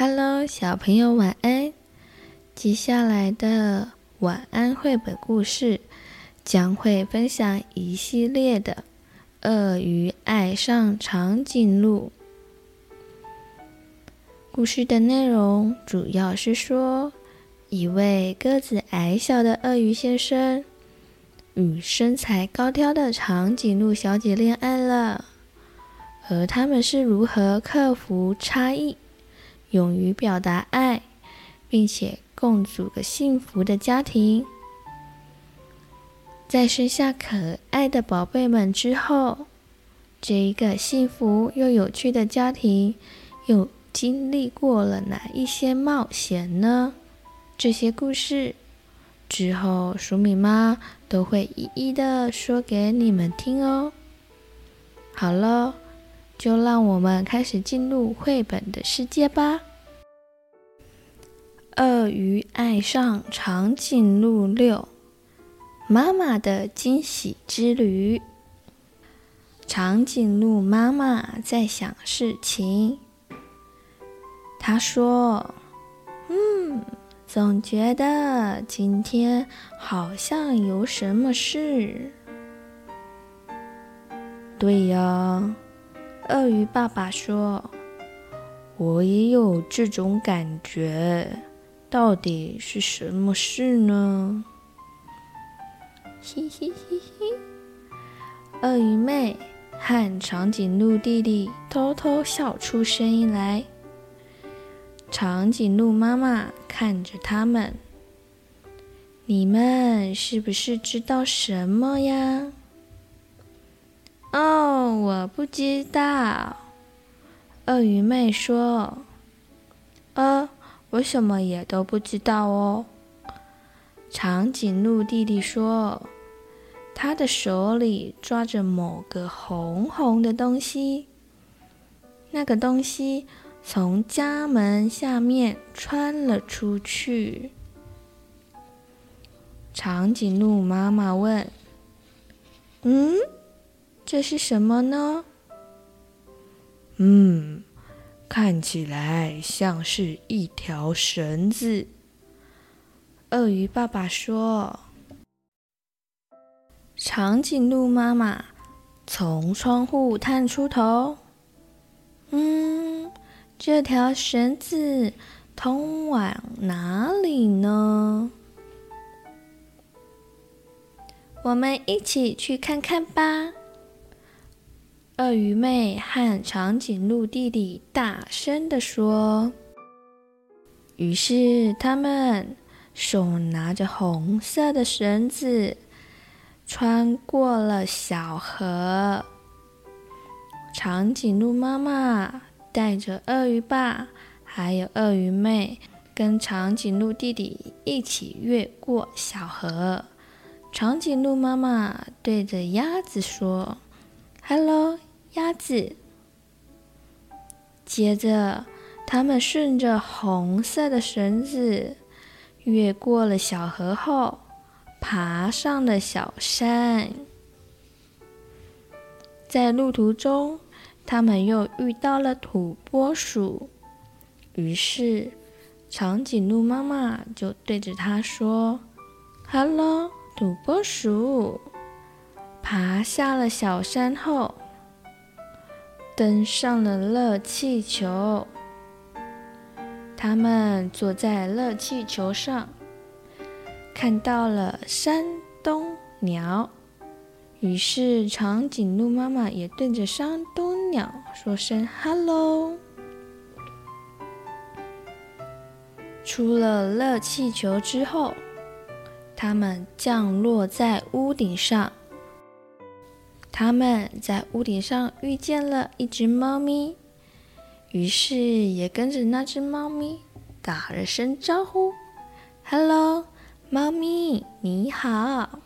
Hello，小朋友晚安。接下來的晚安繪本故事將會分享一系列的《鱷魚愛上長頸鹿》。故事的內容主要是說，一位個子矮小的鱷魚先生與身材高挑的長頸鹿小姐戀愛了，而他們是如何克服差異？勇於表達愛，並且共組個幸福的家庭，在生下可愛的寶貝們之後，這一個幸福又有趣的家庭又經歷過了哪一些冒險呢？這些故事之後，黍米媽都會一一的說給你們聽哦。好了，就讓我們開始進入繪本的世界吧。鱷魚愛上長頸鹿六，媽媽的驚喜之旅。長頸鹿媽媽在想事情。她說：“嗯，總覺得今天好像有什麼事。”對呀，鱷魚爸爸說：“我也有這種感覺。”到底是什麼事呢？嘿嘿嘿嘿，鱷魚妹和長頸鹿弟弟偷偷笑出聲音來，長頸鹿媽媽看着他們，你們是不是知道什麼呀？哦，我不知道。鱷魚妹說：“呃。”我什麼也都不知道哦。長頸鹿弟弟說，他的手裡抓着某個紅紅的東西，那個東西從家門下面穿了出去。長頸鹿媽媽問：“嗯，這是什麼呢？”嗯。看起來像是一條繩子。鱷魚爸爸說。長頸鹿媽媽從窗戶探出頭。“嗯，這條繩子通往哪裡呢？我們一起去看看吧。”鱷魚妹和長頸鹿弟弟大聲地說。於是他們手拿着紅色的繩子，穿過了小河。長頸鹿媽媽帶着鱷魚爸還有鱷魚妹，跟長頸鹿弟弟一起越過小河。長頸鹿媽媽對着鴨子說：哈囉。鴨子。接着，他們順着紅色的繩子越過了小河後，爬上了小山。在路途中，他們又遇到了土撥鼠。於是，長頸鹿媽媽就對着它說：“Hello，土撥鼠。”爬下了小山後，登上了熱氣球，他們坐在熱氣球上，看到了山東鳥。於是長頸鹿媽媽也對着山東鳥說聲哈嘍。出了熱氣球之後，他們降落在屋頂上。他們在屋頂上遇見了一隻貓咪，於是也跟着那隻貓咪打了聲招呼：“Hello，貓咪，你好。”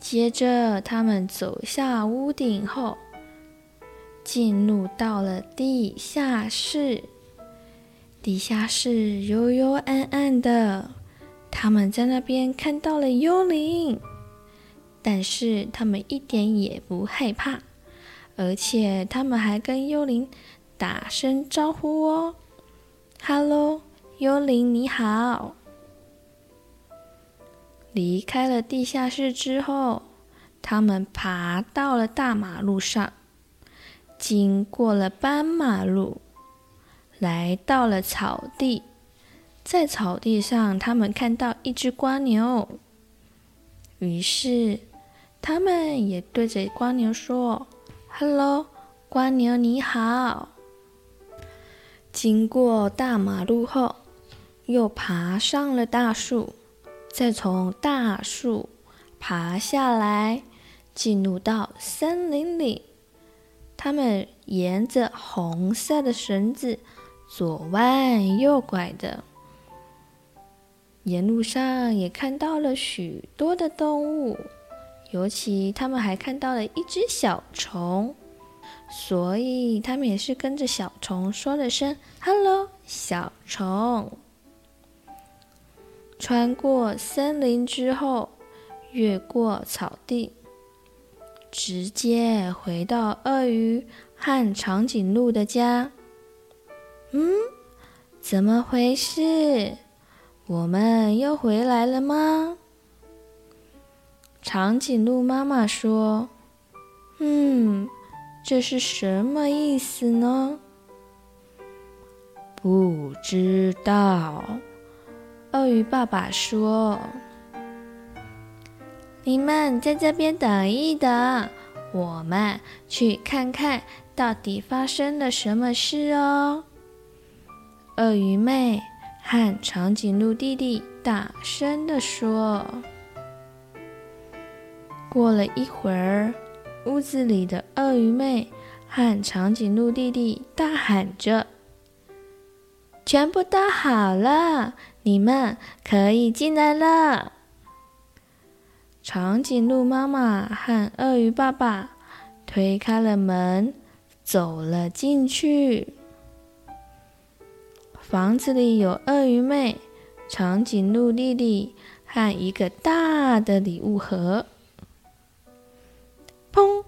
接着，他們走下屋頂後，進入到了地下室。地下室幽幽暗暗的，他們在那邊看到了幽靈。但是他們一點也不害怕，而且他們還跟幽靈打聲招呼哦，“Hello，幽靈你好。”離開了地下室之後，他們爬到了大馬路上，經過了斑馬路，來到了草地。在草地上，他們看到一只蝸牛，於是，他們也對着蝸牛說：“Hello，蝸牛你好。”經過大馬路後，又爬上了大樹，再從大樹爬下來，進入到森林裡。他們沿着紅色的繩子左彎右拐的，沿路上也看到了許多的動物。尤其他們還看到了一隻小蟲，所以他們也是跟着小蟲說了聲 “hello”，小蟲穿過森林之後，越過草地，直接回到鱷魚和長頸鹿的家。嗯，怎麼回事？我們又回來了嗎？長頸鹿媽媽說：“嗯，這是什麼意思呢？”不知道。鱷魚爸爸說：“你們在這邊等一等，我們去看看到底發生了什麼事哦。”鱷魚妹和長頸鹿弟弟大聲的說。過了一會兒，屋子裡的鱷魚妹和長頸鹿弟弟大喊着：“全部都好了，你們可以進來了！”長頸鹿媽媽和鱷魚爸爸推開了門，走了進去。房子裡有鱷魚妹、長頸鹿弟弟和一個大的禮物盒。砰！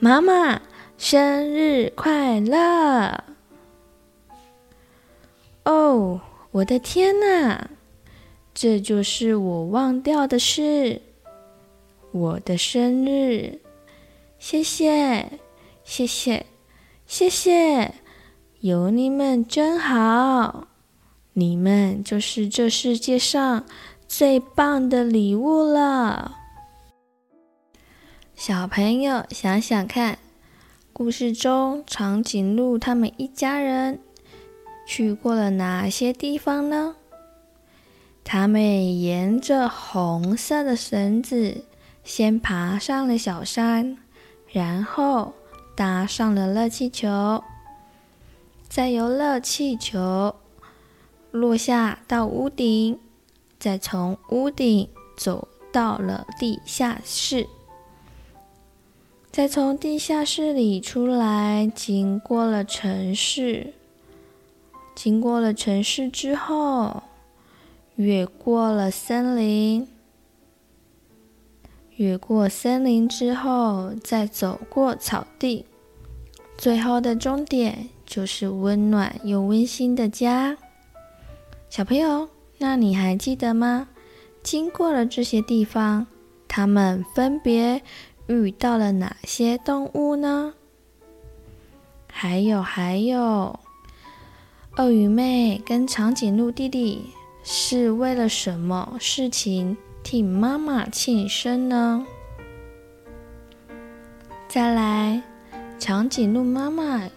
媽媽，生日快樂！哦，我的天哪，這就是我忘掉的事——我的生日！謝謝，謝謝，謝謝，有你們真好！你們就是這世界上最棒的禮物了。小朋友，想想看，故事中長頸鹿他們一家人去過了哪些地方呢？他們沿着紅色的繩子，先爬上了小山，然後搭上了熱氣球，再由熱氣球落下到屋頂，再從屋頂走到了地下室。再從地下室裡出來，經過了城市，經過了城市之後，越過了森林，越過森林之後，再走過草地，最後的終點就是溫暖又溫馨的家。小朋友，那你還記得嗎？經過了這些地方，它們分別遇到了哪些動物呢？還有還有，鱷魚妹跟長頸鹿弟弟是為了什麼事情替媽媽慶生呢？再來，長頸鹿媽媽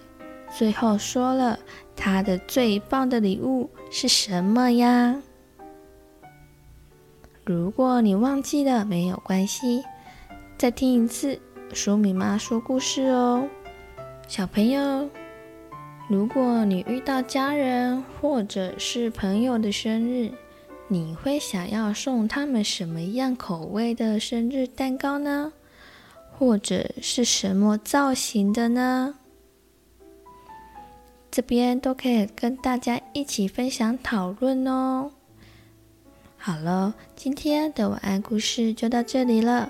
最後說了她的最棒的禮物是什麼呀？如果你忘記了，沒有關係。再聽一次，黍米媽說故事哦。小朋友，如果你遇到家人或者是朋友的生日，你會想要送他們什麼樣口味的生日蛋糕呢？或者是什麼造型的呢？這邊都可以跟大家一起分享討論哦。好了，今天的晚安故事就到這裡了。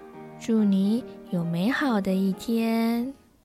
祝你有美好的一天。